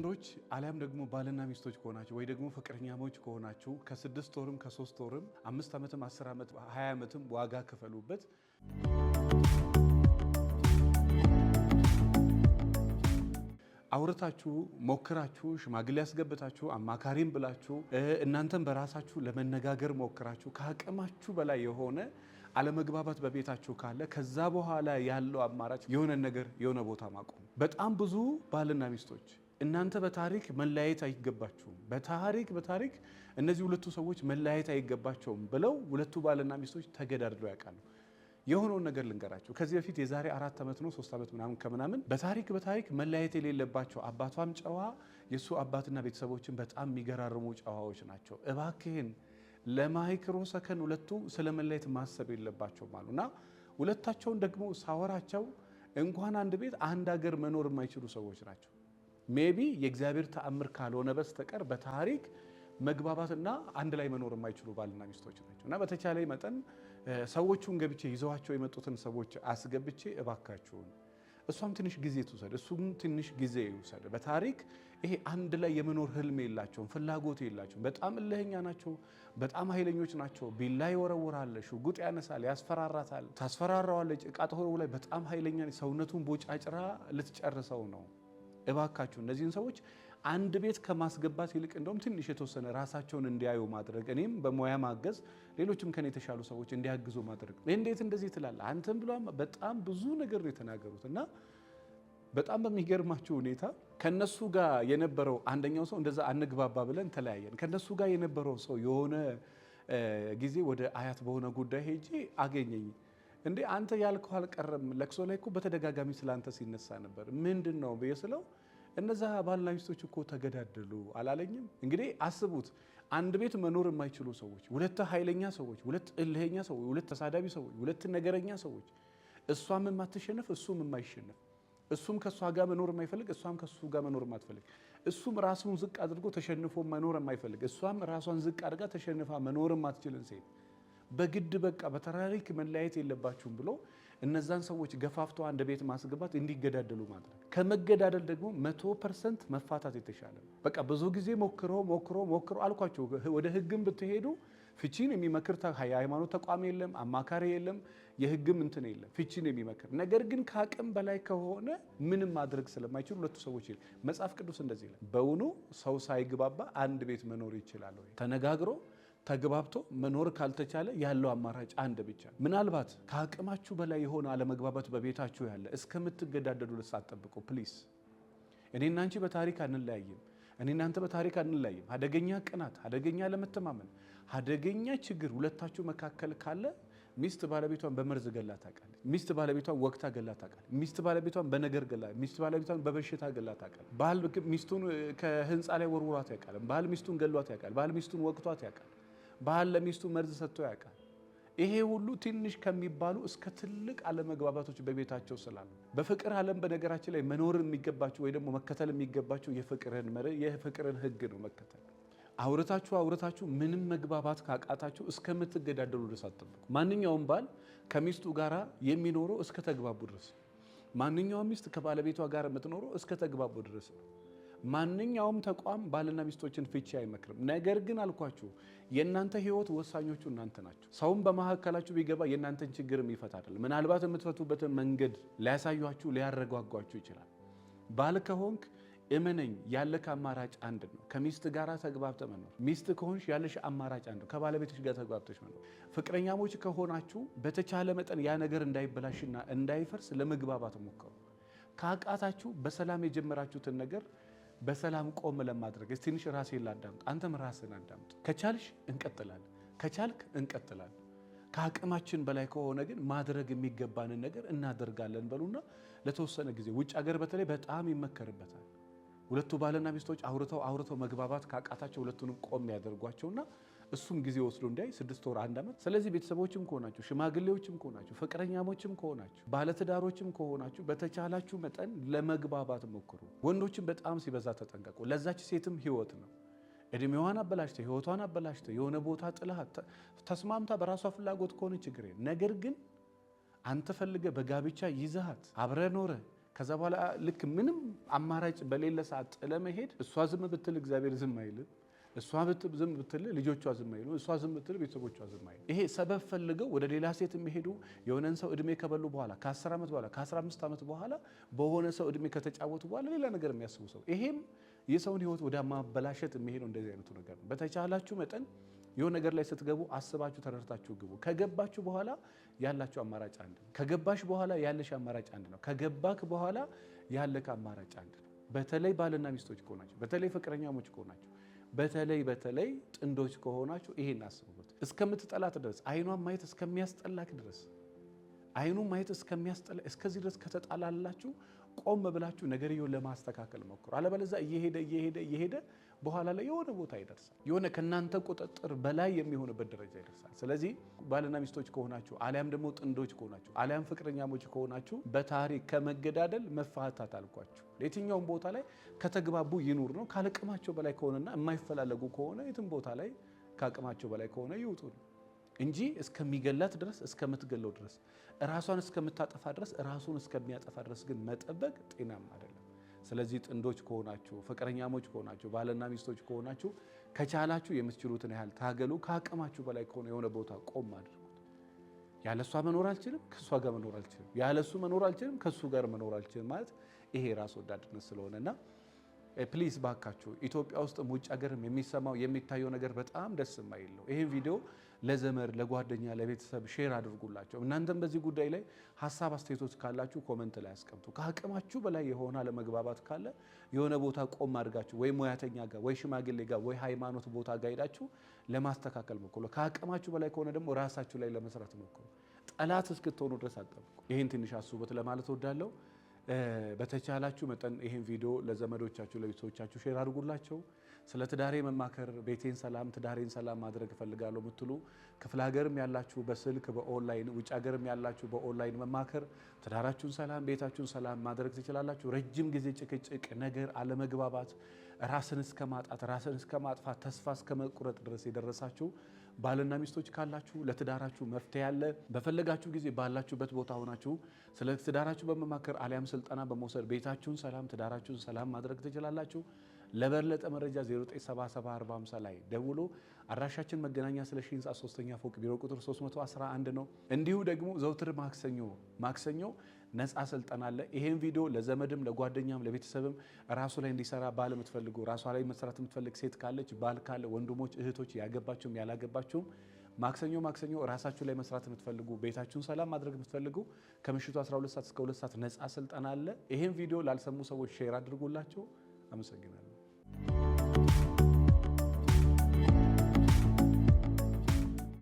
ወንዶች አሊያም ደግሞ ባልና ሚስቶች ከሆናችሁ ወይ ደግሞ ፍቅረኛሞች ከሆናችሁ ከስድስት ወርም ከሶስት ወርም አምስት ዓመትም አስር ዓመት ሀያ ዓመትም ዋጋ ክፈሉበት። አውርታችሁ ሞክራችሁ ሽማግሌ ያስገብታችሁ አማካሪም ብላችሁ እናንተም በራሳችሁ ለመነጋገር ሞክራችሁ ከአቅማችሁ በላይ የሆነ አለመግባባት በቤታችሁ ካለ ከዛ በኋላ ያለው አማራጭ የሆነ ነገር የሆነ ቦታ ማቆም። በጣም ብዙ ባልና ሚስቶች እናንተ በታሪክ መለያየት አይገባችሁም፣ በታሪክ በታሪክ እነዚህ ሁለቱ ሰዎች መለያየት አይገባቸውም ብለው ሁለቱ ባልና ሚስቶች ተገዳድለው ያውቃሉ። የሆነውን ነገር ልንገራቸው። ከዚህ በፊት የዛሬ አራት ዓመት ነው ሶስት ዓመት ምናምን ከምናምን በታሪክ በታሪክ መለያየት የሌለባቸው አባቷም ጨዋ፣ የእሱ አባትና ቤተሰቦችን በጣም የሚገራርሙ ጨዋዎች ናቸው። እባክህን ለማይክሮ ሰከን ሁለቱ ስለ መለያየት ማሰብ የለባቸውም አሉ እና ሁለታቸውን ደግሞ ሳወራቸው እንኳን አንድ ቤት አንድ ሀገር መኖር የማይችሉ ሰዎች ናቸው። ሜቢ የእግዚአብሔር ተአምር ካልሆነ በስተቀር በታሪክ መግባባትና አንድ ላይ መኖር የማይችሉ ባልና ሚስቶች ናቸው። እና በተቻለ መጠን ሰዎቹን ገብቼ ይዘዋቸው የመጡትን ሰዎች አስገብቼ እባካችሁን እሷም ትንሽ ጊዜ ትውሰድ፣ እሱም ትንሽ ጊዜ ይውሰድ። በታሪክ ይሄ አንድ ላይ የመኖር ህልም የላቸውም፣ ፍላጎት የላቸውም። በጣም እልህኛ ናቸው፣ በጣም ኃይለኞች ናቸው። ቢላ ይወረውራል፣ ሽጉጥ ያነሳል፣ ያስፈራራታል፣ ታስፈራራዋለች። እቃ ላይ በጣም ኃይለኛ ሰውነቱን ቦጫጭራ ልትጨርሰው ነው። እባካችሁ እነዚህን ሰዎች አንድ ቤት ከማስገባት ይልቅ እንደውም ትንሽ የተወሰነ ራሳቸውን እንዲያዩ ማድረግ፣ እኔም በሙያ ማገዝ፣ ሌሎችም ከኔ የተሻሉ ሰዎች እንዲያግዙ ማድረግ። እንዴት እንደዚህ ትላለህ አንተም ብሎ በጣም ብዙ ነገር ነው የተናገሩት እና በጣም በሚገርማቸው ሁኔታ ከነሱ ጋር የነበረው አንደኛው ሰው እንደዛ አንግባባ ብለን ተለያየን። ከነሱ ጋር የነበረው ሰው የሆነ ጊዜ ወደ አያት በሆነ ጉዳይ ሄጄ አገኘኝ። እንዴ አንተ ያልከው አልቀረም፣ ለቅሶ ላይ እኮ በተደጋጋሚ ስላንተ ሲነሳ ነበር። ምንድን ነው ብዬ ስለው እነዛ ባልና ሚስቶች እኮ ተገዳደሉ አላለኝም። እንግዲህ አስቡት፣ አንድ ቤት መኖር የማይችሉ ሰዎች፣ ሁለት ኃይለኛ ሰዎች፣ ሁለት እልህኛ ሰዎች፣ ሁለት ተሳዳቢ ሰዎች፣ ሁለት ነገረኛ ሰዎች፣ እሷም የማትሸንፍ እሱም የማይሸንፍ እሱም ከእሷ ጋር መኖር የማይፈልግ እሷም ከእሱ ጋር መኖር የማትፈልግ እሱም ራሱን ዝቅ አድርጎ ተሸንፎ መኖር የማይፈልግ እሷም ራሷን ዝቅ አድርጋ ተሸንፋ መኖር የማትችልን ሴት በግድ በቃ በተራሪክ መለያየት የለባችሁም ብሎ እነዛን ሰዎች ገፋፍቶ አንድ ቤት ማስገባት እንዲገዳደሉ ማድረግ ከመገዳደል ደግሞ መቶ ፐርሰንት መፋታት የተሻለ በቃ ብዙ ጊዜ ሞክሮ ሞክሮ ሞክሮ አልኳቸው። ወደ ህግም ብትሄዱ ፍቺን የሚመክር የሃይማኖት ተቋም የለም፣ አማካሪ የለም፣ የህግም እንትን የለም ፍቺን የሚመክር ነገር ግን ከአቅም በላይ ከሆነ ምንም ማድረግ ስለማይችሉ ሁለቱ ሰዎች መጽሐፍ ቅዱስ እንደዚህ ይላል፣ በውኑ ሰው ሳይግባባ አንድ ቤት መኖር ይችላል ወይ? ተነጋግሮ ተግባብቶ መኖር ካልተቻለ ያለው አማራጭ አንድ ብቻ። ምናልባት ከአቅማችሁ በላይ የሆነ አለመግባባት በቤታችሁ ያለ እስከምትገዳደዱ ድረስ አትጠብቁ። ፕሊስ እኔ እናንቺ በታሪክ አንለያይም። እኔ እናንተ በታሪክ አንለያይም። አደገኛ ቅናት፣ አደገኛ ለመተማመን፣ አደገኛ ችግር ሁለታችሁ መካከል ካለ ሚስት ባለቤቷን በመርዝ ገላ ታውቃለች። ሚስት ባለቤቷን ወቅታ ገላ ታውቃለች። ሚስት ባለቤቷን በነገር ገላ፣ ሚስት ባለቤቷን በበሽታ ገላ ታውቃለች። ባል ሚስቱን ከህንፃ ላይ ወርውሯት ያውቃል። ባል ሚስቱን ገሏት ያውቃል። ባል ሚስቱን ወቅቷት ያውቃል። ባል ለሚስቱ መርዝ ሰጥቶ ያውቃል። ይሄ ሁሉ ትንሽ ከሚባሉ እስከ ትልቅ አለመግባባቶች በቤታቸው ስላሉ በፍቅር ዓለም በነገራችን ላይ መኖር የሚገባቸው ወይ ደግሞ መከተል የሚገባቸው የፍቅርን መርህ የፍቅርን ህግ ነው መከተል። አውርታችሁ አውርታችሁ ምንም መግባባት ካቃታችሁ እስከምትገዳደሉ ድረስ አትጠብቁ። ማንኛውም ባል ከሚስቱ ጋር የሚኖረው እስከ ተግባቡ ድረስ፣ ማንኛውም ሚስት ከባለቤቷ ጋር የምትኖረው እስከ ተግባቡ ድረስ ነው። ማንኛውም ተቋም ባልና ሚስቶችን ፍቺ አይመክርም። ነገር ግን አልኳችሁ የእናንተ ህይወት ወሳኞቹ እናንተ ናቸው። ሰውም በመካከላችሁ ቢገባ የእናንተን ችግር ይፈታ አይደለም። ምናልባት የምትፈቱበትን መንገድ ሊያሳዩችሁ፣ ሊያረጓጓችሁ ይችላል። ባል ከሆንክ እመነኝ ያለህ አማራጭ አንድ ነው። ከሚስት ጋር ተግባብተ መኖር። ሚስት ከሆንሽ ያለሽ አማራጭ አንድ ነው፣ ከባለቤቶች ጋር ተግባብተሽ መኖር። ፍቅረኛሞች ከሆናችሁ በተቻለ መጠን ያ ነገር እንዳይበላሽና እንዳይፈርስ ለመግባባት ሞከሩ። ካቃታችሁ በሰላም የጀመራችሁትን ነገር በሰላም ቆም ለማድረግ እስቲ ትንሽ ራሴን ላዳምጥ፣ አንተም ራስን አዳምጥ። ከቻልሽ እንቀጥላል፣ ከቻልክ እንቀጥላል። ከአቅማችን በላይ ከሆነ ግን ማድረግ የሚገባንን ነገር እናደርጋለን በሉና ለተወሰነ ጊዜ ውጭ ሀገር በተለይ በጣም ይመከርበታል። ሁለቱ ባልና ሚስቶች አውርተው አውርተው መግባባት ካቃታቸው ሁለቱንም ቆም ያደርጓቸውና እሱም ጊዜ ወስዶ እንዲያይ ስድስት ወር አንድ ዓመት። ስለዚህ ቤተሰቦችም ከሆናችሁ ሽማግሌዎችም ከሆናችሁ ፍቅረኛሞችም ከሆናችሁ ባለትዳሮችም ከሆናችሁ በተቻላችሁ መጠን ለመግባባት ሞክሩ። ወንዶችን በጣም ሲበዛ ተጠንቀቁ። ለዛች ሴትም ህይወት ነው። እድሜዋን አበላሽተ ህይወቷን አበላሽተ የሆነ ቦታ ጥላት ተስማምታ በራሷ ፍላጎት ከሆነ ችግር ነገር ግን አንተ ፈልገ በጋብቻ ይዘሃት አብረ ኖረ ከዛ በኋላ ልክ ምንም አማራጭ በሌለ ሰዓት ጥለ መሄድ እሷ ዝም ብትል እግዚአብሔር ዝም አይልም። እሷ ዝም ብትል ልጆቿ ዝም አይሉ፣ እሷ ዝም ብትል ቤተሰቦቿ ዝም አይሉ። ይሄ ሰበብ ፈልገው ወደ ሌላ ሴት የሚሄዱ የሆነን ሰው እድሜ ከበሉ በኋላ ከ10 ዓመት በኋላ ከ15 ዓመት በኋላ በሆነ ሰው እድሜ ከተጫወቱ በኋላ ሌላ ነገር የሚያስቡ ሰው ይሄም የሰውን ህይወት ወደ ማበላሸት የሚሄዱ እንደዚህ አይነቱ ነገር ነው። በተቻላችሁ መጠን የሆነ ነገር ላይ ስትገቡ አስባችሁ ተረድታችሁ ግቡ። ከገባችሁ በኋላ ያላችሁ አማራጭ አንድ ነው። ከገባሽ በኋላ ያለሽ አማራጭ አንድ ነው። ከገባክ በኋላ ያለከ አማራጭ አንድ ነው። በተለይ ባልና ሚስቶች ከሆናቸው፣ በተለይ ፍቅረኛሞች ከሆናቸው በተለይ በተለይ ጥንዶች ከሆናችሁ ይሄን አስቡበት። እስከምትጠላት ድረስ አይኗን ማየት እስከሚያስጠላክ ድረስ አይኑ ማየት እስከሚያስጠላ እስከዚህ ድረስ ከተጣላላችሁ ቆም ብላችሁ ነገርየውን ለማስተካከል ሞክሩ። አለበለዚያ እየሄደ እየሄደ እየሄደ በኋላ ላይ የሆነ ቦታ ይደርሳል። የሆነ ከእናንተ ቁጥጥር በላይ የሚሆንበት ደረጃ ይደርሳል። ስለዚህ ባልና ሚስቶች ከሆናችሁ አሊያም ደግሞ ጥንዶች ከሆናችሁ አሊያም ፍቅረኛሞች ከሆናችሁ በታሪክ ከመገዳደል መፋታት አልኳችሁ። የትኛውም ቦታ ላይ ከተግባቡ ይኑር ነው። ካለቅማቸው በላይ ከሆነና የማይፈላለጉ ከሆነ የትም ቦታ ላይ ከአቅማቸው በላይ ከሆነ ይውጡ ነው እንጂ እስከሚገላት ድረስ እስከምትገለው ድረስ ራሷን እስከምታጠፋ ድረስ ራሱን እስከሚያጠፋ ድረስ ግን መጠበቅ ጤናም አይደለም። ስለዚህ ጥንዶች ከሆናችሁ፣ ፍቅረኛሞች ከሆናችሁ፣ ባልና ሚስቶች ከሆናችሁ ከቻላችሁ የምትችሉትን ያህል ታገሉ። ከአቅማችሁ በላይ ከሆነ የሆነ ቦታ ቆም አድርጉት። ያለ እሷ መኖር አልችልም፣ ከእሷ ጋር መኖር አልችልም፣ ያለ እሱ መኖር አልችልም፣ ከእሱ ጋር መኖር አልችልም ማለት ይሄ ራስ ወዳድነት ስለሆነና ፕሊዝ eh, ባካችሁ ኢትዮጵያ ውስጥም ውጭ ሀገርም የሚሰማው የሚታየው ነገር በጣም ደስ የማይል ነው። ይህን ቪዲዮ ለዘመድ፣ ለጓደኛ፣ ለቤተሰብ ሼር አድርጉላቸው። እናንተም በዚህ ጉዳይ ላይ ሀሳብ አስተያየቶች ካላችሁ ኮመንት ላይ አስቀምጡ። ከአቅማችሁ በላይ የሆነ አለመግባባት ካለ የሆነ ቦታ ቆም አድርጋችሁ ወይ ሙያተኛ ጋር ወይ ሽማግሌ ጋር ወይ ሃይማኖት ቦታ ጋር ሄዳችሁ ለማስተካከል ሞክሩ። ከአቅማችሁ በላይ ከሆነ ደግሞ ራሳችሁ ላይ ለመስራት ሞክሩ። ጠላት እስክትሆኑ ድረስ አጠብቁ። ይህን ትንሽ አስቡበት ለማለት ወዳለው በተቻላችሁ መጠን ይህን ቪዲዮ ለዘመዶቻችሁ ለቤተሰቦቻችሁ ሼር አድርጉላቸው። ስለ ትዳሬ መማከር ቤቴን ሰላም ትዳሬን ሰላም ማድረግ እፈልጋለሁ የምትሉ ክፍለ ሀገርም ያላችሁ በስልክ በኦንላይን ውጭ ሀገርም ያላችሁ በኦንላይን መማከር ትዳራችሁን ሰላም ቤታችሁን ሰላም ማድረግ ትችላላችሁ። ረጅም ጊዜ ጭቅጭቅ፣ ነገር አለመግባባት፣ ራስን እስከ ማጣት ራስን እስከ ማጥፋት ተስፋ እስከ መቁረጥ ድረስ የደረሳችሁ ባልና ሚስቶች ካላችሁ ለትዳራችሁ መፍትሄ አለ። በፈለጋችሁ ጊዜ ባላችሁበት ቦታ ሆናችሁ ስለ ትዳራችሁ በመማከር አሊያም ስልጠና በመውሰድ ቤታችሁን ሰላም፣ ትዳራችሁን ሰላም ማድረግ ትችላላችሁ። ለበለጠ መረጃ 097745 ላይ ደውሎ አድራሻችን መገናኛ ስለ ሺ ህንፃ ሶስተኛ ፎቅ ቢሮ ቁጥር 311 ነው። እንዲሁ ደግሞ ዘውትር ማክሰኞ ማክሰኞ ነፃ ስልጠና አለ። ይሄን ቪዲዮ ለዘመድም ለጓደኛም ለቤተሰብም ራሱ ላይ እንዲሰራ ባል የምትፈልጉ ራሷ ላይ መስራት የምትፈልግ ሴት ካለች ባል ካለ ወንድሞች፣ እህቶች ያገባችሁም ያላገባችሁም ማክሰኞ ማክሰኞ ራሳችሁ ላይ መስራት የምትፈልጉ ቤታችሁን ሰላም ማድረግ የምትፈልጉ ከምሽቱ 12 ሰዓት እስከ 2 ሰዓት ነፃ ስልጠና አለ። ይሄን ቪዲዮ ላልሰሙ ሰዎች ሼር አድርጉላቸው። አመሰግናለሁ።